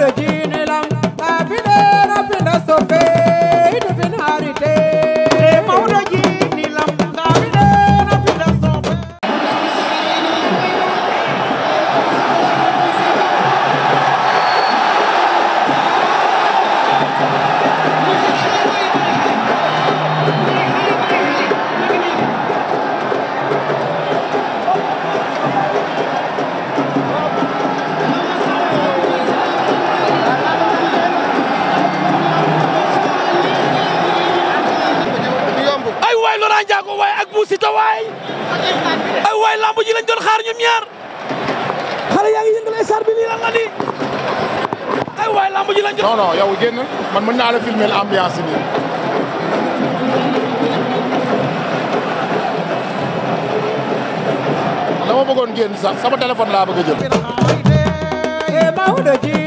do jinilam abide na pinda so waay Laurent Ndiago waay ak Bou Siteu ay waay lamb ji lañ doon xaar ñoom ñaar xale yaa ngi yëngal sar bi lii lan la di ay waay lamb ji lañ doon non non yow génn man naa la filmer ambiance bi dama bëggoon génn sax sama téléphone laa bëgg a jël